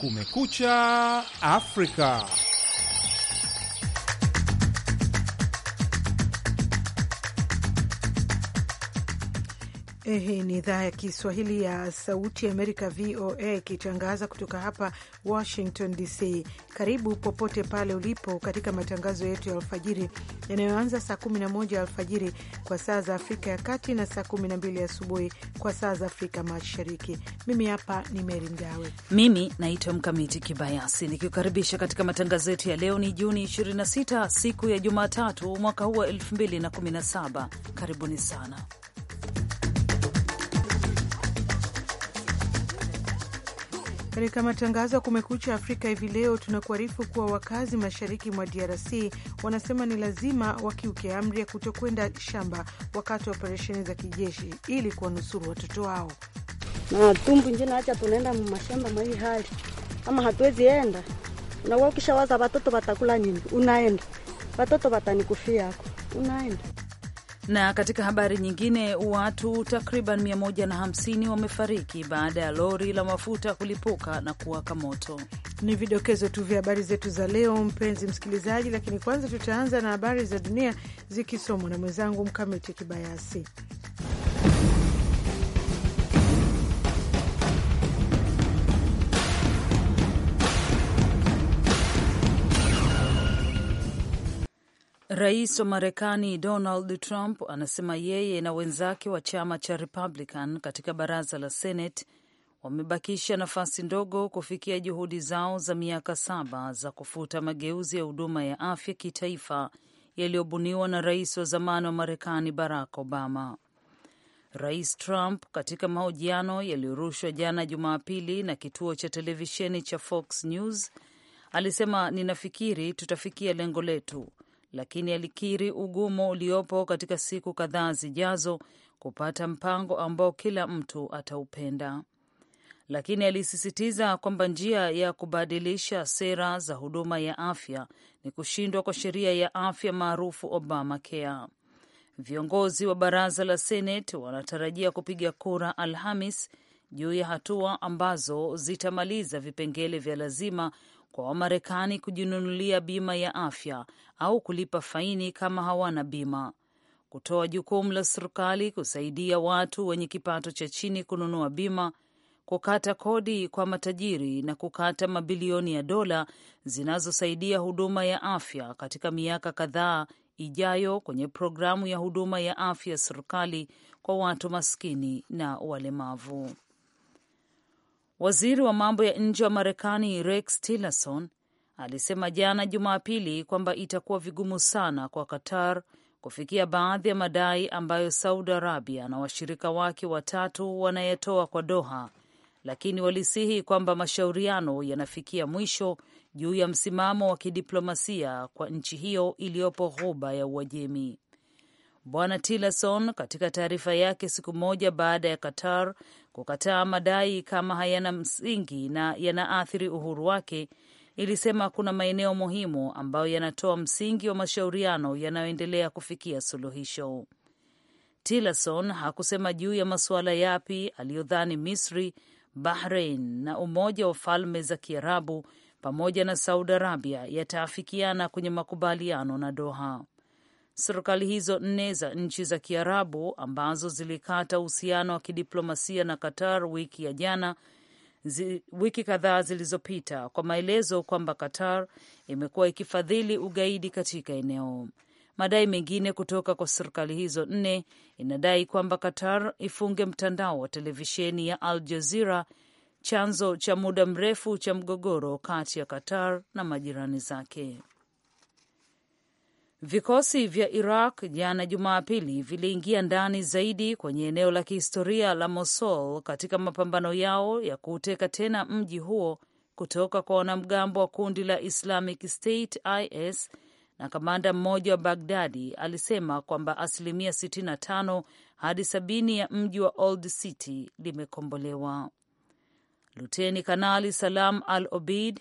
Kumekucha Afrika. Hii ni idhaa ya Kiswahili ya Sauti ya Amerika, VOA, ikitangaza kutoka hapa Washington DC. Karibu popote pale ulipo katika matangazo yetu ya alfajiri yanayoanza saa 11 alfajiri kwa saa za Afrika ya Kati na saa 12 asubuhi kwa saa za Afrika Mashariki. Mimi hapa ni Meri Mgawe, mimi naitwa Mkamiti Kibayasi, nikikaribisha katika matangazo yetu ya leo. Ni Juni 26 siku ya Jumatatu mwaka huu wa 2017. Karibuni sana Katika matangazo ya Kumekucha Afrika hivi leo, tunakuarifu kuwa wakazi mashariki mwa DRC wanasema ni lazima wakiuke amri ya kutokwenda shamba wakati wa operesheni za kijeshi ili kuwanusuru watoto wao. na tumbu njina, acha tunaenda mashamba mwa hali, kama hatuwezi enda, unakuwa ukishawaza watoto watakula nini? Unaenda watoto watanikufia ako, unaenda na katika habari nyingine, watu takriban 150 wamefariki baada ya lori la mafuta kulipuka na kuwaka moto. Ni vidokezo tu vya habari zetu za leo, mpenzi msikilizaji, lakini kwanza tutaanza na habari za dunia zikisomwa na mwenzangu Mkamiti Kibayasi. Rais wa Marekani Donald Trump anasema yeye na wenzake wa chama cha Republican katika baraza la Senate wamebakisha nafasi ndogo kufikia juhudi zao za miaka saba za kufuta mageuzi ya huduma ya afya kitaifa yaliyobuniwa na rais wa zamani wa Marekani Barack Obama. Rais Trump katika mahojiano yaliyorushwa jana Jumapili na kituo cha televisheni cha Fox News alisema, ninafikiri tutafikia lengo letu lakini alikiri ugumu uliopo katika siku kadhaa zijazo kupata mpango ambao kila mtu ataupenda. Lakini alisisitiza kwamba njia ya kubadilisha sera za huduma ya afya ni kushindwa kwa sheria ya afya maarufu Obamacare. Viongozi wa baraza la senet wanatarajia kupiga kura Alhamis juu ya hatua ambazo zitamaliza vipengele vya lazima kwa Wamarekani kujinunulia bima ya afya au kulipa faini kama hawana bima, kutoa jukumu la serikali kusaidia watu wenye kipato cha chini kununua bima, kukata kodi kwa matajiri na kukata mabilioni ya dola zinazosaidia huduma ya afya katika miaka kadhaa ijayo kwenye programu ya huduma ya afya ya serikali kwa watu maskini na walemavu. Waziri wa mambo ya nje wa Marekani Rex Tillerson alisema jana Jumapili kwamba itakuwa vigumu sana kwa Qatar kufikia baadhi ya madai ambayo Saudi Arabia na washirika wake watatu wanayatoa kwa Doha, lakini walisihi kwamba mashauriano yanafikia mwisho juu ya msimamo wa kidiplomasia kwa nchi hiyo iliyopo Ghuba ya Uajemi. Bwana Tillerson katika taarifa yake siku moja baada ya Qatar kukataa madai kama hayana msingi na yanaathiri uhuru wake ilisema kuna maeneo muhimu ambayo yanatoa msingi wa mashauriano yanayoendelea kufikia suluhisho. Tillerson hakusema juu ya masuala yapi aliyodhani Misri, Bahrain na Umoja wa Falme za Kiarabu pamoja na Saudi Arabia yataafikiana kwenye makubaliano na Doha. Serikali hizo nne za nchi za Kiarabu ambazo zilikata uhusiano wa kidiplomasia na Qatar wiki ya jana zi, wiki kadhaa zilizopita kwa maelezo kwamba Qatar imekuwa ikifadhili ugaidi katika eneo. Madai mengine kutoka kwa serikali hizo nne inadai kwamba Qatar ifunge mtandao wa televisheni ya Al Jazeera, chanzo cha muda mrefu cha mgogoro kati ya Qatar na majirani zake. Vikosi vya Iraq jana Jumapili viliingia ndani zaidi kwenye eneo la kihistoria la Mosul katika mapambano yao ya kuuteka tena mji huo kutoka kwa wanamgambo wa kundi la Islamic State IS, na kamanda mmoja wa Bagdadi alisema kwamba asilimia 65 hadi 70 ya mji wa Old City limekombolewa. Luteni Kanali Salam Al obid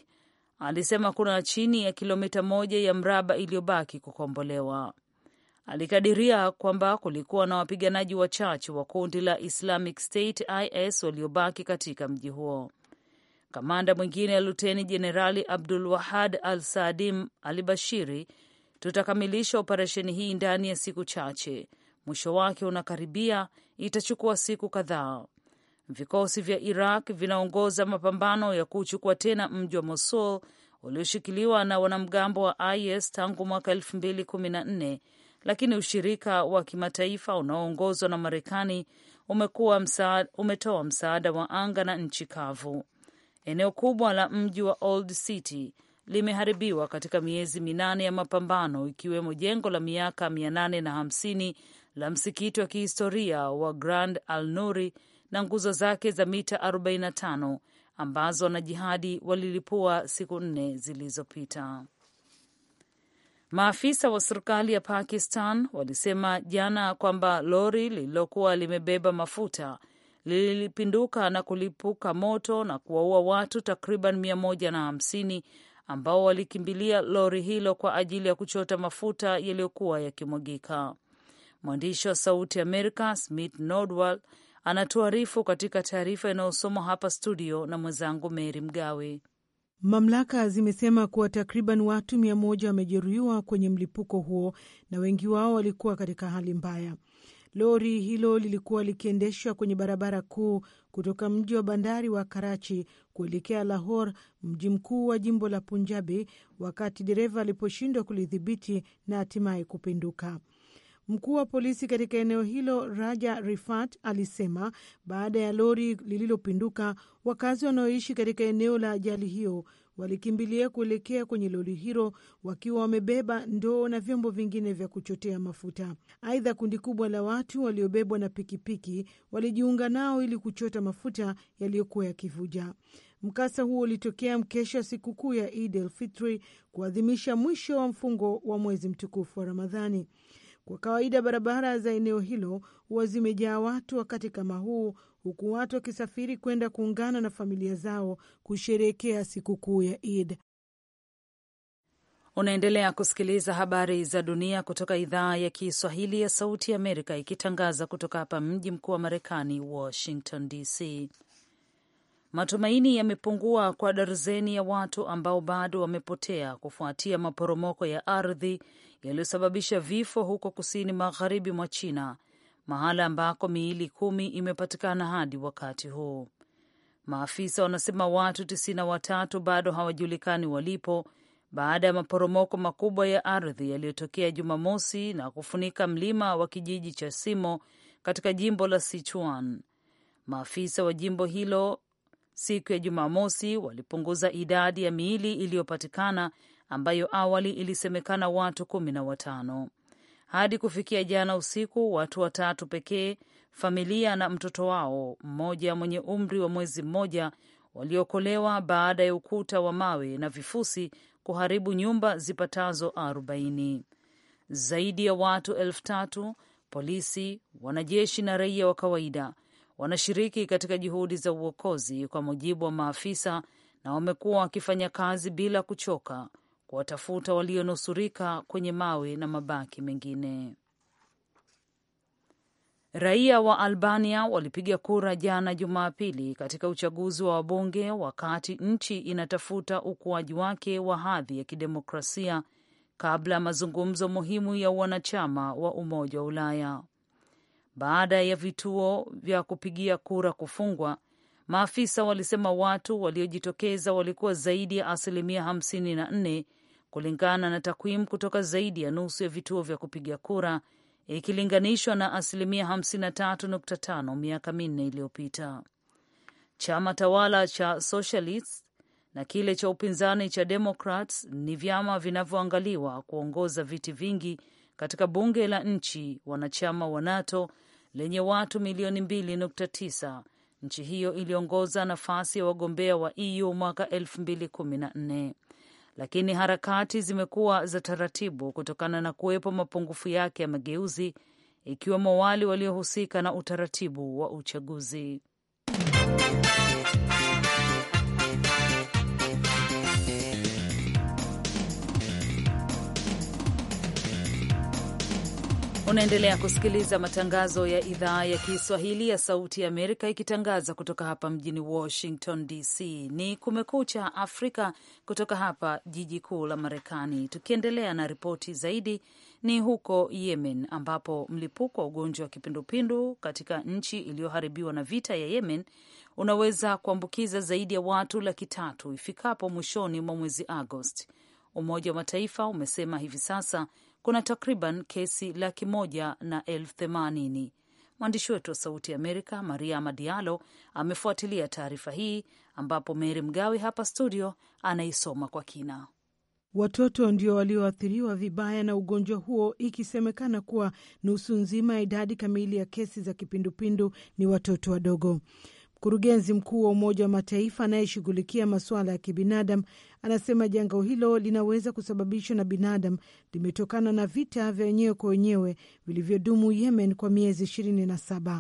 alisema kuna chini ya kilomita moja ya mraba iliyobaki kukombolewa. Alikadiria kwamba kulikuwa na wapiganaji wachache wa kundi la Islamic State IS waliobaki katika mji huo. Kamanda mwingine ya Luteni Jenerali Abdul Wahad Al Saadim alibashiri, tutakamilisha operesheni hii ndani ya siku chache, mwisho wake unakaribia, itachukua siku kadhaa. Vikosi vya Iraq vinaongoza mapambano ya kuchukua tena mji wa Mosul ulioshikiliwa na wanamgambo wa IS tangu mwaka elfu mbili kumi na nne, lakini ushirika wa kimataifa unaoongozwa na Marekani umekuwa msaada, umetoa msaada wa anga na nchi kavu. Eneo kubwa la mji wa Old City limeharibiwa katika miezi minane ya mapambano, ikiwemo jengo la miaka mia nane na hamsini la msikiti wa kihistoria wa Grand Al Nuri na nguzo zake za mita 45 ambazo wanajihadi walilipua siku nne zilizopita. Maafisa wa serikali ya Pakistan walisema jana kwamba lori lililokuwa limebeba mafuta lilipinduka na kulipuka moto na kuwaua watu takriban mia moja na hamsini ambao walikimbilia lori hilo kwa ajili ya kuchota mafuta yaliyokuwa yakimwagika. Mwandishi wa Sauti Amerika Smith Nordwall anatuarifu katika taarifa inayosomwa hapa studio na mwenzangu Meri Mgawe. Mamlaka zimesema kuwa takriban watu mia moja wamejeruhiwa kwenye mlipuko huo na wengi wao walikuwa katika hali mbaya. Lori hilo lilikuwa likiendeshwa kwenye barabara kuu kutoka mji wa bandari wa Karachi kuelekea Lahore, mji mkuu wa jimbo la Punjabi, wakati dereva aliposhindwa kulidhibiti na hatimaye kupinduka. Mkuu wa polisi katika eneo hilo Raja Rifat alisema baada ya lori lililopinduka, wakazi wanaoishi katika eneo la ajali hiyo walikimbilia kuelekea kwenye lori hilo wakiwa wamebeba ndoo na vyombo vingine vya kuchotea mafuta. Aidha, kundi kubwa la watu waliobebwa na pikipiki walijiunga nao ili kuchota mafuta yaliyokuwa yakivuja. Mkasa huo ulitokea mkesha sikukuu ya Eid el Fitri, kuadhimisha mwisho wa mfungo wa mwezi mtukufu wa Ramadhani. Kwa kawaida barabara za eneo hilo huwa zimejaa watu wakati kama huu, huku watu wakisafiri kwenda kuungana na familia zao kusherehekea sikukuu ya Id. Unaendelea kusikiliza habari za dunia kutoka idhaa ya Kiswahili ya Sauti ya Amerika, ikitangaza kutoka hapa mji mkuu wa Marekani, Washington DC. Matumaini yamepungua kwa darzeni ya watu ambao bado wamepotea kufuatia maporomoko ya ardhi yaliyosababisha vifo huko kusini magharibi mwa China, mahala ambako miili kumi imepatikana hadi wakati huu. Maafisa wanasema watu tisini na watatu bado hawajulikani walipo baada ya maporomoko makubwa ya ardhi yaliyotokea Jumamosi na kufunika mlima wa kijiji cha Simo katika jimbo la Sichuan. Maafisa wa jimbo hilo siku ya Jumamosi walipunguza idadi ya miili iliyopatikana ambayo awali ilisemekana watu kumi na watano. Hadi kufikia jana usiku, watu watatu pekee, familia na mtoto wao mmoja mwenye umri wa mwezi mmoja, waliokolewa baada ya ukuta wa mawe na vifusi kuharibu nyumba zipatazo arobaini. Zaidi ya watu elfu tatu polisi, wanajeshi na raia wa kawaida wanashiriki katika juhudi za uokozi, kwa mujibu wa maafisa, na wamekuwa wakifanya kazi bila kuchoka kuwatafuta walionusurika kwenye mawe na mabaki mengine. Raia wa Albania walipiga kura jana Jumapili katika uchaguzi wa wabunge wakati nchi inatafuta ukuaji wake wa hadhi ya kidemokrasia kabla ya mazungumzo muhimu ya wanachama wa Umoja wa Ulaya. Baada ya vituo vya kupigia kura kufungwa, maafisa walisema watu waliojitokeza walikuwa zaidi ya asilimia nne kulingana na takwimu kutoka zaidi ya nusu ya vituo vya kupiga kura ikilinganishwa na asilimia 53.5 miaka minne iliyopita. Chama tawala cha Socialist na kile cha upinzani cha Democrats ni vyama vinavyoangaliwa kuongoza viti vingi katika bunge la nchi wanachama wa NATO lenye watu milioni 2.9. Nchi hiyo iliongoza nafasi ya wagombea wa EU mwaka 2014 lakini harakati zimekuwa za taratibu kutokana na kuwepo mapungufu yake ya mageuzi, ikiwemo wale waliohusika na utaratibu wa uchaguzi. Unaendelea kusikiliza matangazo ya idhaa ya Kiswahili ya Sauti ya Amerika ikitangaza kutoka hapa mjini Washington DC. Ni Kumekucha Afrika kutoka hapa jiji kuu la Marekani. Tukiendelea na ripoti zaidi, ni huko Yemen ambapo mlipuko wa ugonjwa wa kipindupindu katika nchi iliyoharibiwa na vita ya Yemen unaweza kuambukiza zaidi ya watu laki tatu ifikapo mwishoni mwa mwezi Agosti. Umoja wa Mataifa umesema hivi sasa kuna takriban kesi laki moja na elfu themanini. Mwandishi wetu wa Sauti ya Amerika maria madialo amefuatilia taarifa hii, ambapo Meri Mgawe hapa studio anaisoma kwa kina. Watoto ndio walioathiriwa vibaya na ugonjwa huo, ikisemekana kuwa nusu nzima ya idadi kamili ya kesi za kipindupindu ni watoto wadogo. Mkurugenzi mkuu wa Umoja wa Mataifa anayeshughulikia masuala ya kibinadamu anasema janga hilo linaweza kusababishwa na binadamu limetokana na vita vya wenyewe kwa wenyewe vilivyodumu Yemen kwa miezi 27.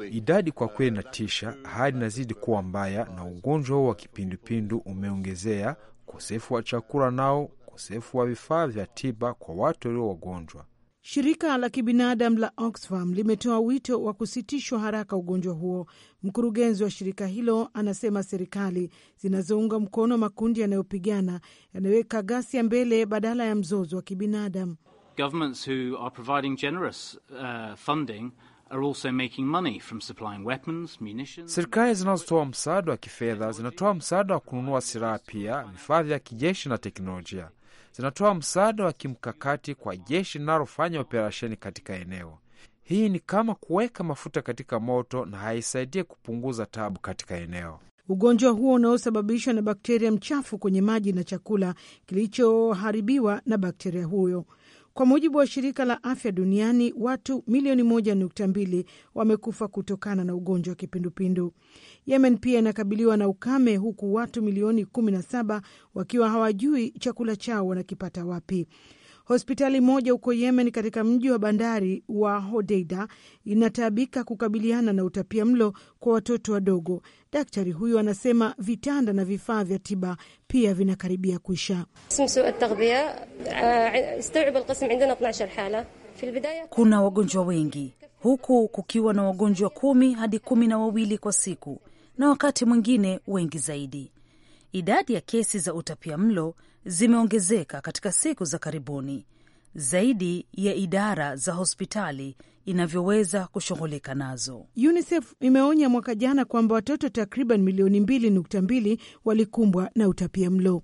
The... idadi kwa kweli inatisha, hali inazidi kuwa mbaya, na ugonjwa huo wa kipindupindu umeongezea ukosefu wa chakula nao ukosefu wa vifaa vya tiba kwa watu walio wagonjwa. Shirika la kibinadamu la Oxfam limetoa wito wa kusitishwa haraka ugonjwa huo. Mkurugenzi wa shirika hilo anasema serikali zinazounga mkono makundi yanayopigana yanaweka ghasia mbele badala ya mzozo wa kibinadamu. Governments who are providing generous uh, funding Serikali zinazotoa msaada wa kifedha zinatoa msaada wa kununua silaha, pia vifaa vya kijeshi na teknolojia zinatoa msaada wa kimkakati kwa jeshi linalofanya operesheni katika eneo. Hii ni kama kuweka mafuta katika moto na haisaidie kupunguza tabu katika eneo. Ugonjwa huo unaosababishwa na bakteria mchafu kwenye maji na chakula kilichoharibiwa na bakteria huyo kwa mujibu wa shirika la afya duniani, watu milioni 1.2 wamekufa kutokana na ugonjwa wa kipindupindu. Yemen pia inakabiliwa na ukame, huku watu milioni 17 wakiwa hawajui chakula chao wanakipata wapi. Hospitali moja huko Yemen katika mji wa bandari wa Hodeida inataabika kukabiliana na utapia mlo kwa watoto wadogo. Daktari huyu anasema vitanda na vifaa vya tiba pia vinakaribia kuisha. Uh, Kuna wagonjwa wengi huku kukiwa na wagonjwa kumi hadi kumi na wawili kwa siku, na wakati mwingine wengi zaidi. Idadi ya kesi za utapia mlo zimeongezeka katika siku za karibuni zaidi ya idara za hospitali inavyoweza kushughulika nazo. UNICEF imeonya mwaka jana kwamba watoto takriban milioni 2.2 walikumbwa na utapia mlo.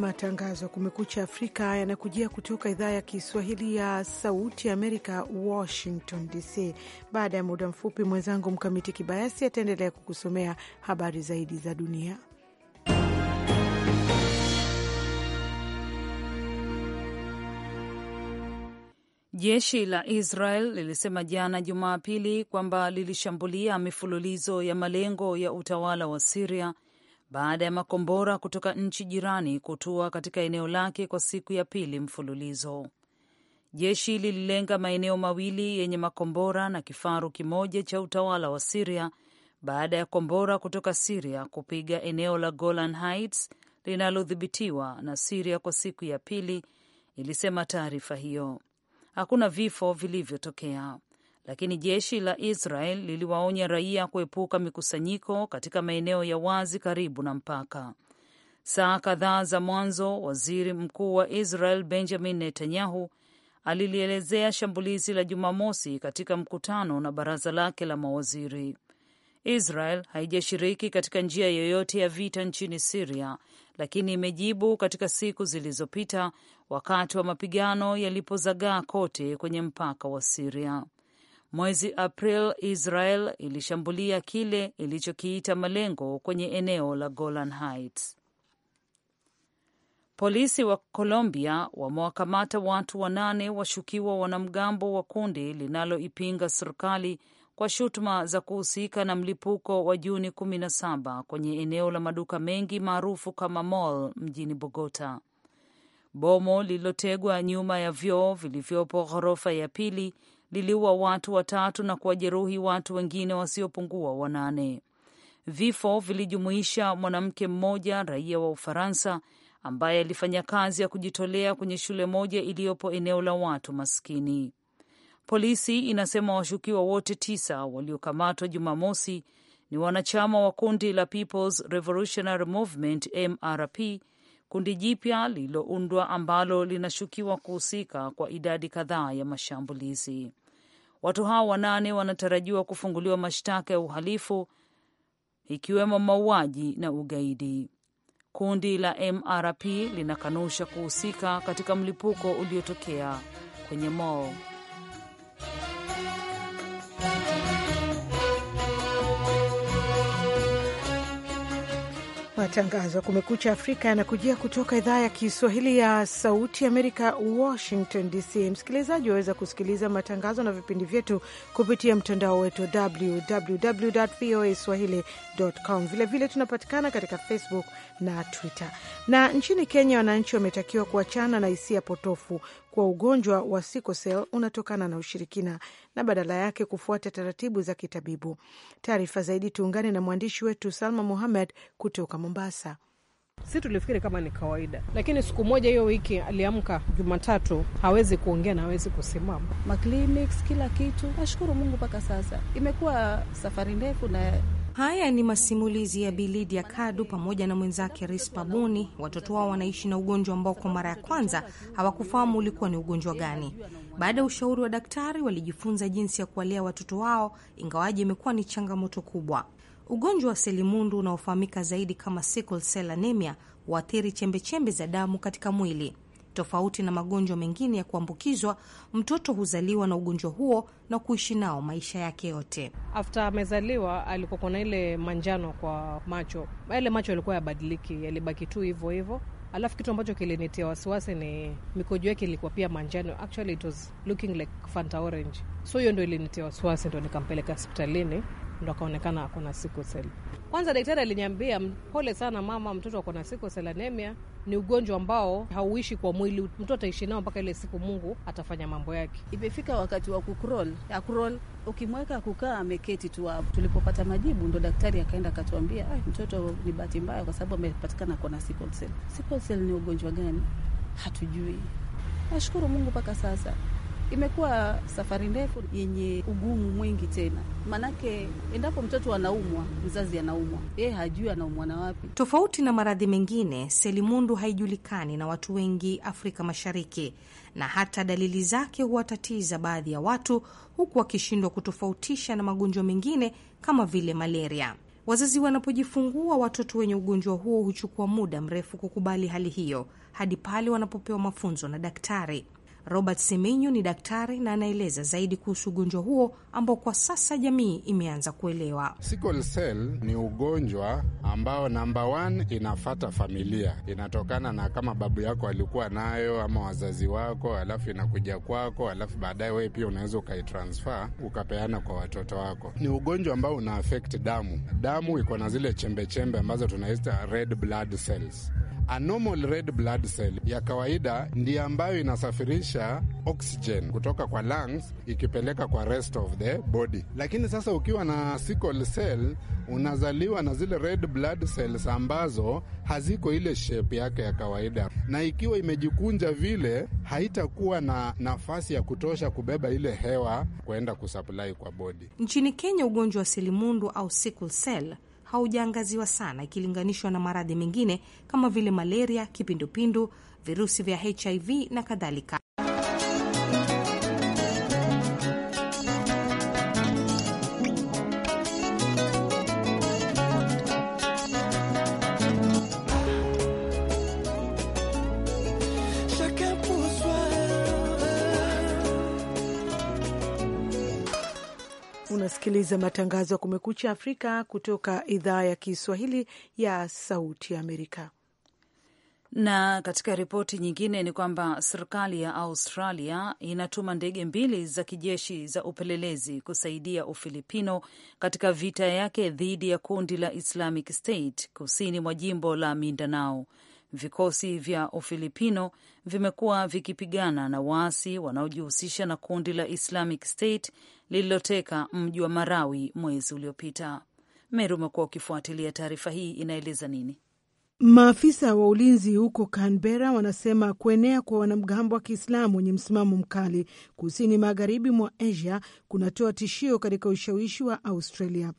Matangazo ya Kumekucha Afrika yanakujia kutoka idhaa ya Kiswahili ya Sauti ya Amerika, Washington DC. Baada ya muda mfupi, mwenzangu Mkamiti Kibayasi ataendelea kukusomea habari zaidi za dunia. Jeshi la Israel lilisema jana Jumapili kwamba lilishambulia mifululizo ya malengo ya utawala wa Siria baada ya makombora kutoka nchi jirani kutua katika eneo lake kwa siku ya pili mfululizo. Jeshi lililenga maeneo mawili yenye makombora na kifaru kimoja cha utawala wa Siria baada ya kombora kutoka Siria kupiga eneo la Golan Heights linalodhibitiwa na Siria kwa siku ya pili, ilisema taarifa hiyo. Hakuna vifo vilivyotokea lakini jeshi la Israel liliwaonya raia kuepuka mikusanyiko katika maeneo ya wazi karibu na mpaka. Saa kadhaa za mwanzo, waziri mkuu wa Israel Benjamin Netanyahu alilielezea shambulizi la Jumamosi katika mkutano na baraza lake la mawaziri. Israel haijashiriki katika njia yoyote ya vita nchini Siria, lakini imejibu katika siku zilizopita, wakati wa mapigano yalipozagaa kote kwenye mpaka wa Siria. Mwezi April Israel ilishambulia kile ilichokiita malengo kwenye eneo la Golan Heights. Polisi wa Colombia wamewakamata watu wanane washukiwa wanamgambo wa kundi linaloipinga serikali kwa shutuma za kuhusika na mlipuko wa Juni 17 kwenye eneo la maduka mengi maarufu kama mall mjini Bogota. Bomo lililotegwa nyuma ya vyoo vilivyopo ghorofa ya pili liliua watu watatu na kuwajeruhi watu wengine wasiopungua wanane. Vifo vilijumuisha mwanamke mmoja raia wa Ufaransa ambaye alifanya kazi ya kujitolea kwenye shule moja iliyopo eneo la watu maskini. Polisi inasema washukiwa wote tisa waliokamatwa Jumamosi ni wanachama wa kundi la People's Revolutionary Movement MRP kundi jipya lililoundwa ambalo linashukiwa kuhusika kwa idadi kadhaa ya mashambulizi. Watu hao wanane wanatarajiwa kufunguliwa mashtaka ya uhalifu ikiwemo mauaji na ugaidi. Kundi la MRP linakanusha kuhusika katika mlipuko uliotokea kwenye mall Matangazo ya Kumekucha Afrika yanakujia kutoka idhaa ya Kiswahili ya Sauti Amerika, Washington DC. Msikilizaji waweza kusikiliza matangazo na vipindi vyetu kupitia mtandao wetu www voa swahili.com. Vilevile tunapatikana katika Facebook na Twitter. Na nchini Kenya, wananchi wametakiwa kuachana na hisia potofu kuwa ugonjwa wa sikosel unatokana na ushirikina na badala yake kufuata taratibu za kitabibu. Taarifa zaidi tuungane na mwandishi wetu Salma Muhamed kutoka Mombasa. Si tulifikiri kama ni kawaida, lakini siku moja hiyo wiki aliamka Jumatatu, hawezi kuongea na hawezi kusimama, maclinics kila kitu. Nashukuru Mungu mpaka sasa imekuwa safari ndefu na Haya ni masimulizi ya Bilidi ya Kadu pamoja na mwenzake Rispa Buni. Watoto wao wanaishi na ugonjwa ambao kwa mara ya kwanza hawakufahamu ulikuwa ni ugonjwa gani. Baada ya ushauri wa daktari, walijifunza jinsi ya kuwalea watoto wao, ingawaji imekuwa ni changamoto kubwa. Ugonjwa wa selimundu unaofahamika zaidi kama sickle cell anemia huathiri chembechembe za damu katika mwili. Tofauti na magonjwa mengine ya kuambukizwa, mtoto huzaliwa na ugonjwa huo na kuishi nao maisha yake yote. After amezaliwa alikuwa na ile manjano kwa macho, ile macho yalikuwa yabadiliki, yalibaki tu hivo hivo. Alafu kitu ambacho kilinitia wasiwasi ni mikojo yake ilikuwa pia manjano, actually it was looking like Fanta orange, so hiyo ndo ilinitia wasiwasi, ndo nikampeleka hospitalini ndo akaonekana ako na sickle cell. Kwanza daktari aliniambia pole sana mama, mtoto ako na sickle cell anemia, ni ugonjwa ambao hauishi kwa mwili, mtu ataishi nao mpaka ile siku Mungu atafanya mambo yake. Imefika wakati wa kukrol krol, ukimweka kukaa ameketi tu hapo. Tulipopata majibu, ndo daktari akaenda akatuambia, mtoto ni bahati mbaya kwa sababu amepatikana kuwa na sickle cell. Sickle cell ni ugonjwa gani? Hatujui. Nashukuru Mungu mpaka sasa Imekuwa safari ndefu yenye ugumu mwingi tena, manake endapo mtoto anaumwa, mzazi anaumwa, yeye hajui anaumwa na wapi. Tofauti na maradhi mengine, selimundu haijulikani na watu wengi Afrika Mashariki, na hata dalili zake huwatatiza baadhi ya watu, huku wakishindwa kutofautisha na magonjwa mengine kama vile malaria. Wazazi wanapojifungua watoto wenye ugonjwa huo huchukua muda mrefu kukubali hali hiyo, hadi pale wanapopewa mafunzo na daktari. Robert Semenyu ni daktari na anaeleza zaidi kuhusu ugonjwa huo ambao kwa sasa jamii imeanza kuelewa. Sickle cell ni ugonjwa ambao namba one inafata familia, inatokana na kama babu yako alikuwa nayo ama wazazi wako, alafu inakuja kwako, alafu baadaye wewe pia unaweza ukaitransfer ukapeana kwa watoto wako. Ni ugonjwa ambao una affect damu. Damu iko na zile chembechembe ambazo tunaita red blood cells. A normal red blood cell ya kawaida ndiyo ambayo inasafirisha inazalisha oxygen kutoka kwa lungs ikipeleka kwa rest of the body. Lakini sasa ukiwa na sickle cell unazaliwa na zile red blood cells ambazo haziko ile shape yake ya kawaida, na ikiwa imejikunja vile, haitakuwa na nafasi ya kutosha kubeba ile hewa kwenda kusupply kwa body. Nchini Kenya, ugonjwa wa selimundu au sickle cell haujaangaziwa sana ikilinganishwa na maradhi mengine kama vile malaria, kipindupindu, virusi vya HIV na kadhalika. kusikiliza matangazo ya Kumekucha Afrika kutoka idhaa ya Kiswahili ya Sauti Amerika. Na katika ripoti nyingine ni kwamba serikali ya Australia inatuma ndege mbili za kijeshi za upelelezi kusaidia Ufilipino katika vita yake dhidi ya kundi la Islamic State kusini mwa jimbo la Mindanao. Vikosi vya Ufilipino vimekuwa vikipigana na waasi wanaojihusisha na kundi la Islamic State lililoteka mji wa Marawi mwezi uliopita. Meru, umekuwa ukifuatilia taarifa hii, inaeleza nini? Maafisa wa ulinzi huko Canberra wanasema kuenea kwa wanamgambo wa Kiislamu wenye msimamo mkali kusini magharibi mwa Asia kunatoa tishio katika ushawishi wa Australia.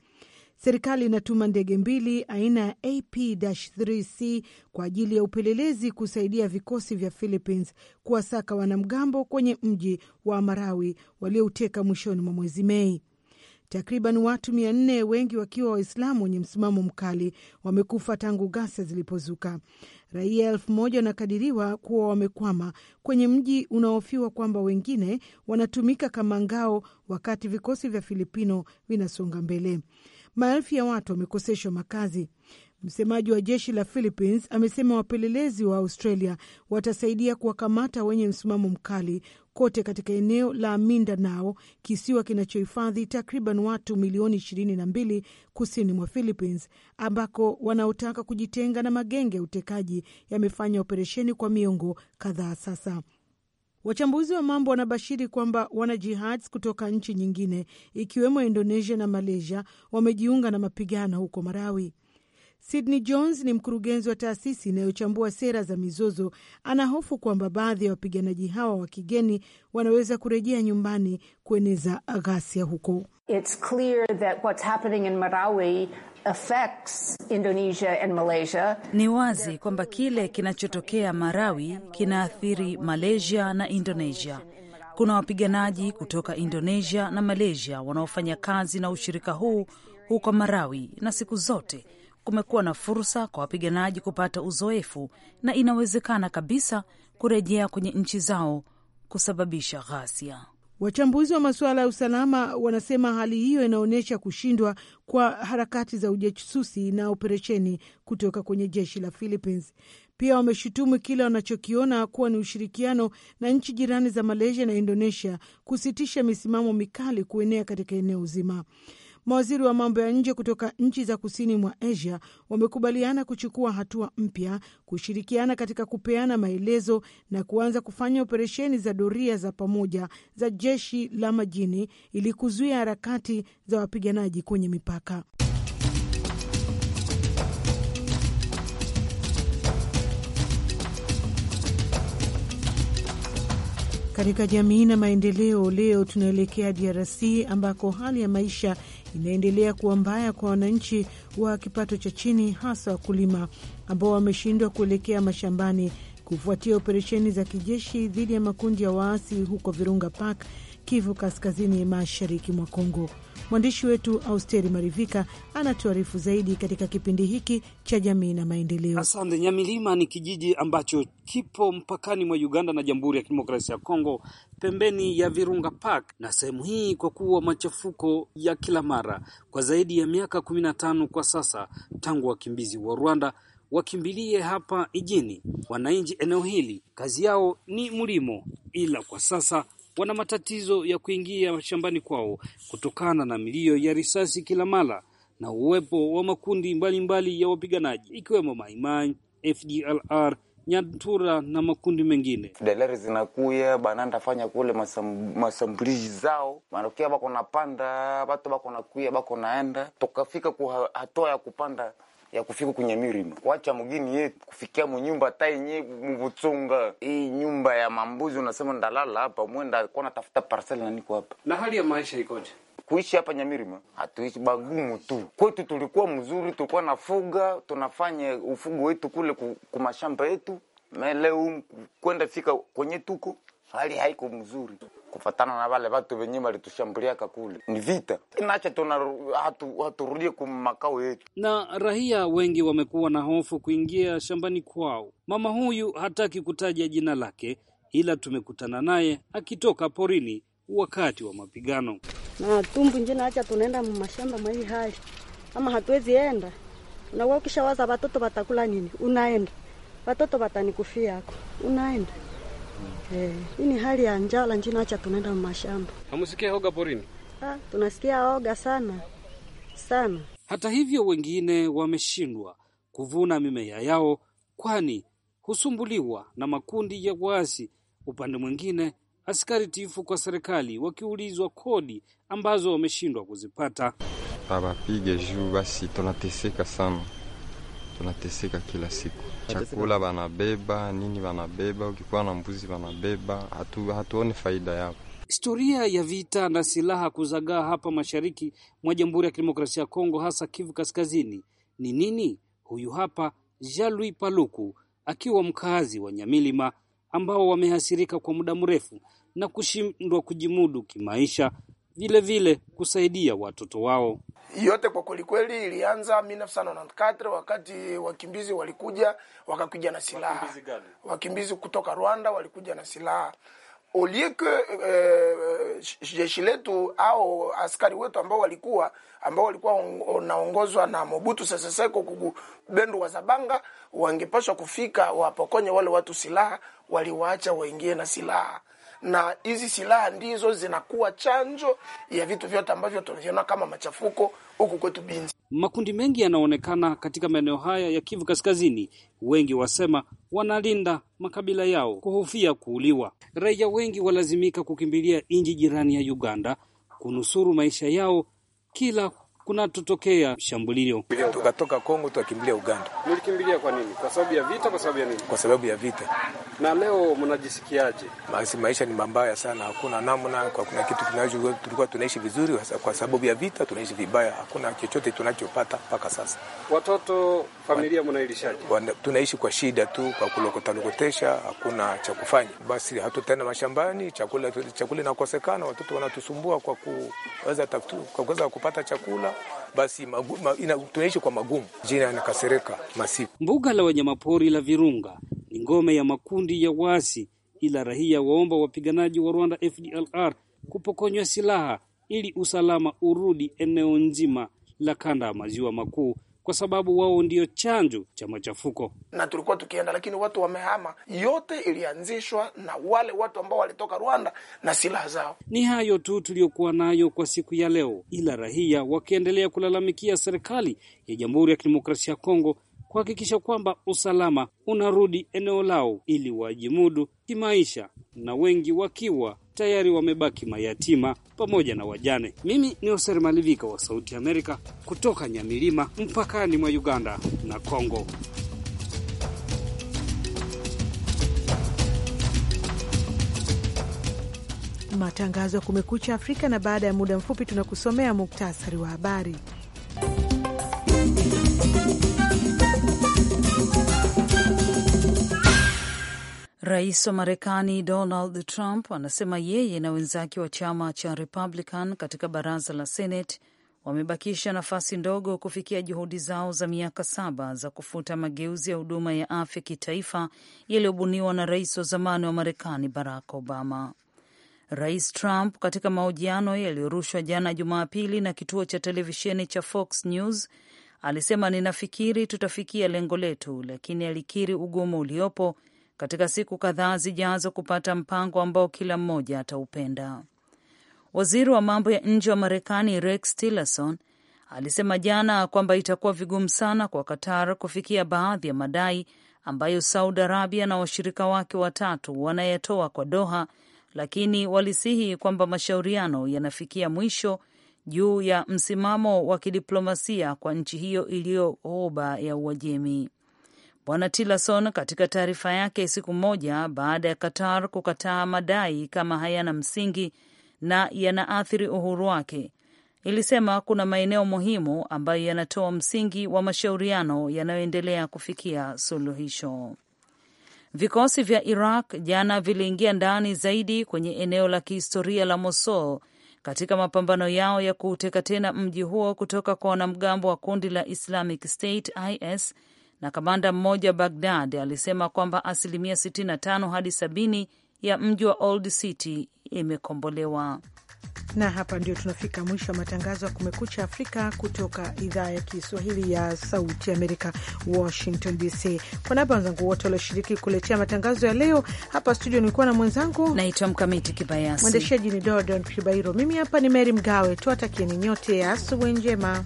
Serikali inatuma ndege mbili aina ya AP-3C kwa ajili ya upelelezi kusaidia vikosi vya Philippines kuwasaka wanamgambo kwenye mji wa Marawi waliouteka mwishoni mwa mwezi Mei. Takriban watu mia nne, wengi wakiwa Waislamu wenye msimamo mkali, wamekufa tangu ghasia zilipozuka. Raia elfu moja wanakadiriwa kuwa wamekwama kwenye mji unaohofiwa kwamba wengine wanatumika kama ngao wakati vikosi vya Filipino vinasonga mbele maelfu ya watu wamekoseshwa makazi. Msemaji wa jeshi la Philippines amesema wapelelezi wa Australia watasaidia kuwakamata wenye msimamo mkali kote katika eneo la Mindanao, kisiwa kinachohifadhi takriban watu milioni ishirini na mbili kusini mwa Philippines, ambako wanaotaka kujitenga na magenge ya utekaji yamefanya operesheni kwa miongo kadhaa sasa. Wachambuzi wa mambo wanabashiri kwamba wanajihad kutoka nchi nyingine ikiwemo Indonesia na Malaysia wamejiunga na mapigano huko Marawi. Sydney Jones ni mkurugenzi wa taasisi inayochambua sera za mizozo. Anahofu kwamba baadhi ya wapiganaji hawa wa kigeni wanaweza kurejea nyumbani kueneza ghasia huko. It's clear that what's happening in Marawi affects Indonesia and Malaysia. Ni wazi kwamba kile kinachotokea Marawi kinaathiri Malaysia na Indonesia. Kuna wapiganaji kutoka Indonesia na Malaysia wanaofanya kazi na ushirika huu huko Marawi, na siku zote kumekuwa na fursa kwa wapiganaji kupata uzoefu na inawezekana kabisa kurejea kwenye nchi zao kusababisha ghasia. Wachambuzi wa masuala ya usalama wanasema hali hiyo inaonyesha kushindwa kwa harakati za ujasusi na operesheni kutoka kwenye jeshi la Philippines. Pia wameshutumu kile wanachokiona kuwa ni ushirikiano na nchi jirani za Malaysia na Indonesia kusitisha misimamo mikali kuenea katika eneo zima mawaziri wa mambo ya nje kutoka nchi za kusini mwa Asia wamekubaliana kuchukua hatua mpya kushirikiana katika kupeana maelezo na kuanza kufanya operesheni za doria za pamoja za jeshi la majini ili kuzuia harakati za wapiganaji kwenye mipaka. Katika jamii na maendeleo, leo tunaelekea DRC ambako hali ya maisha inaendelea kuwa mbaya kwa wananchi wa kipato cha chini, hasa wakulima ambao wameshindwa kuelekea mashambani kufuatia operesheni za kijeshi dhidi ya makundi ya waasi huko Virunga Park, Kivu Kaskazini, mashariki mwa Kongo. Mwandishi wetu Austeri Marivika anatuarifu zaidi katika kipindi hiki cha Jamii na Maendeleo. Asante. Nyamilima ni kijiji ambacho kipo mpakani mwa Uganda na Jamhuri ya Kidemokrasia ya Kongo, pembeni ya Virunga Park na sehemu hii kwa kuwa machafuko ya kila mara kwa zaidi ya miaka kumi na tano kwa sasa tangu wakimbizi wa Rwanda wakimbilie hapa ijini. Wananchi eneo hili kazi yao ni mlimo, ila kwa sasa wana matatizo ya kuingia shambani kwao kutokana na milio ya risasi kila mara na uwepo wa makundi mbalimbali mbali ya wapiganaji ikiwemo Maimai, FDLR Nyantura na makundi mengine. deleri zinakuya bananda fanya kule masam, masambulizi zao manakia bako napanda batu bako nakuya bako naenda tokafika kuhatua ya kupanda ya kufika kwenye mirima wacha mgini ye kufikia munyumba tainye mvutsunga hii nyumba ya mambuzi unasema ndalala hapa mwenda kwa natafuta parcela na niko hapa. Na hali ya maisha ikoje? Kuishi hapa Nyamirima hatuishi bagumu tu. Kwetu tulikuwa mzuri, tulikuwa nafuga, tunafanya ufugo wetu kule kumashamba yetu meleu kwenda fika kwenye tuko hali haiko mzuri kufatana na wale watu wenye walitushambuliaka kule. Ni vita inacho, tuna haturudie kumakao yetu, na raia wengi wamekuwa na hofu kuingia shambani kwao. Mama huyu hataki kutaja jina lake, ila tumekutana naye akitoka porini wakati wa mapigano na tumbu njina. Acha tunaenda mashamba mwa hali ama hatuwezi enda, na wewe ukishawaza watoto watakula nini, unaenda watoto watanikufia yako, unaenda Eh, hii ni hali ya njala njina, acha tunaenda mashamba. Hamusikia hoga porini? Ah, tunasikia hoga sana sana. Hata hivyo, wengine wameshindwa kuvuna mimea yao, kwani husumbuliwa na makundi ya waasi. Upande mwingine askari tifu kwa serikali wakiulizwa kodi ambazo wameshindwa kuzipata. Tawapige juu basi, tunateseka sana tunateseka kila siku, chakula wanabeba nini, wanabeba ukikuwa na mbuzi wanabeba, hatu hatuone faida yao. Historia ya vita na silaha kuzagaa hapa mashariki mwa Jamhuri ya Kidemokrasia ya Kongo, hasa Kivu Kaskazini ni nini? Huyu hapa Jalui Paluku akiwa mkazi wa Nyamilima ambao wamehasirika kwa muda mrefu na kushindwa kujimudu kimaisha vile vile kusaidia watoto wao. Yote kwa kweli kweli ilianza 1994 sana wakati wakimbizi walikuja wakakuja na silaha. Wakimbizi Wakimbizi kutoka Rwanda walikuja na silaha olieke eh, eh, jeshi letu au askari wetu ambao walikuwa ambao walikuwa wanaongozwa na Mobutu Sese Seko Bendu wa Zabanga, wangepaswa kufika wapokonye wale watu silaha, waliwaacha waingie na silaha na hizi silaha ndizo zinakuwa chanjo ya vitu vyote ambavyo tunaviona kama machafuko huku kwetu Binzi. Makundi mengi yanaonekana katika maeneo haya ya Kivu Kaskazini, wengi wasema wanalinda makabila yao kuhofia kuuliwa. Raia wengi walazimika kukimbilia nchi jirani ya Uganda kunusuru maisha yao kila kunatotokea shambulio. Tukatoka Kongo tukakimbilia Uganda. Mlikimbilia kwa nini? Kwa sababu ya vita? Kwa sababu ya nini? Kwa sababu ya vita. Na leo mnajisikiaje? Basi maisha ni mabaya sana, hakuna namna, kwa kuna kitu tunacho, tulikuwa tunaishi vizuri, kwa sababu ya vita tunaishi vibaya, hakuna chochote tunachopata mpaka sasa. Watoto familia mnailishaje? Tunaishi kwa shida tu, kwa kulokotalokotesha, hakuna cha kufanya. Basi hatutaenda mashambani, chakula chakula inakosekana, watoto wanatusumbua kwa kuweza tafutu, kwa kuweza kupata chakula basi magu, ma, ina, tunaishi kwa magumu. Jina yanakasirika masiku. Mbuga la wanyamapori la Virunga ni ngome ya makundi ya waasi, ila rahia waomba wapiganaji wa Rwanda FDLR kupokonywa silaha ili usalama urudi eneo nzima la kanda ya maziwa makuu kwa sababu wao ndio chanjo cha machafuko, na tulikuwa tukienda, lakini watu wamehama. Yote ilianzishwa na wale watu ambao walitoka Rwanda na silaha zao. Ni hayo tu tuliyokuwa nayo kwa siku ya leo, ila rahia wakiendelea kulalamikia serikali ya Jamhuri ya Kidemokrasia ya Kongo kuhakikisha kwamba usalama unarudi eneo lao ili wajimudu kimaisha, na wengi wakiwa tayari wamebaki mayatima pamoja na wajane. Mimi ni Oser Malivika wa Sauti Amerika kutoka Nyamilima mpakani mwa Uganda na Kongo. Matangazo ya Kumekucha Afrika, na baada ya muda mfupi tunakusomea muktasari wa habari. Rais wa Marekani Donald Trump anasema yeye na wenzake wa chama cha Republican katika baraza la Senate wamebakisha nafasi ndogo kufikia juhudi zao za miaka saba za kufuta mageuzi ya huduma ya afya kitaifa yaliyobuniwa na rais wa zamani wa Marekani Barack Obama. Rais Trump katika mahojiano yaliyorushwa jana Jumapili na kituo cha televisheni cha Fox News alisema, ninafikiri tutafikia lengo letu, lakini alikiri ugumu uliopo katika siku kadhaa zijazo kupata mpango ambao kila mmoja ataupenda. Waziri wa mambo ya nje wa Marekani Rex Tillerson alisema jana kwamba itakuwa vigumu sana kwa Qatar kufikia baadhi ya madai ambayo Saudi Arabia na washirika wake watatu wanayatoa kwa Doha, lakini walisihi kwamba mashauriano yanafikia mwisho juu ya msimamo wa kidiplomasia kwa nchi hiyo iliyo ghuba ya Uajemi. Bwana Tillerson katika taarifa yake siku moja baada ya Qatar kukataa madai kama hayana msingi na yanaathiri uhuru wake, ilisema kuna maeneo muhimu ambayo yanatoa msingi wa mashauriano yanayoendelea kufikia suluhisho. Vikosi vya Iraq jana viliingia ndani zaidi kwenye eneo la kihistoria la Mosul katika mapambano yao ya kuuteka tena mji huo kutoka kwa wanamgambo wa kundi la Islamic State IS na kamanda mmoja Bagdad alisema kwamba asilimia 65 hadi 70 ya mji wa Old City imekombolewa. Na hapa ndio tunafika mwisho wa matangazo ya Kumekucha Afrika kutoka idhaa ya Kiswahili ya Sauti Amerika, Washington DC. Kwa niaba wenzangu wote walioshiriki kuletea matangazo ya leo hapa studio, nilikuwa na mwenzangu naitwa Mkamiti Kibayasi, mwendeshaji ni Dodon Kibairo, mimi hapa ni mery Mgawe. Tuwatakieni nyote ya asubuhi njema.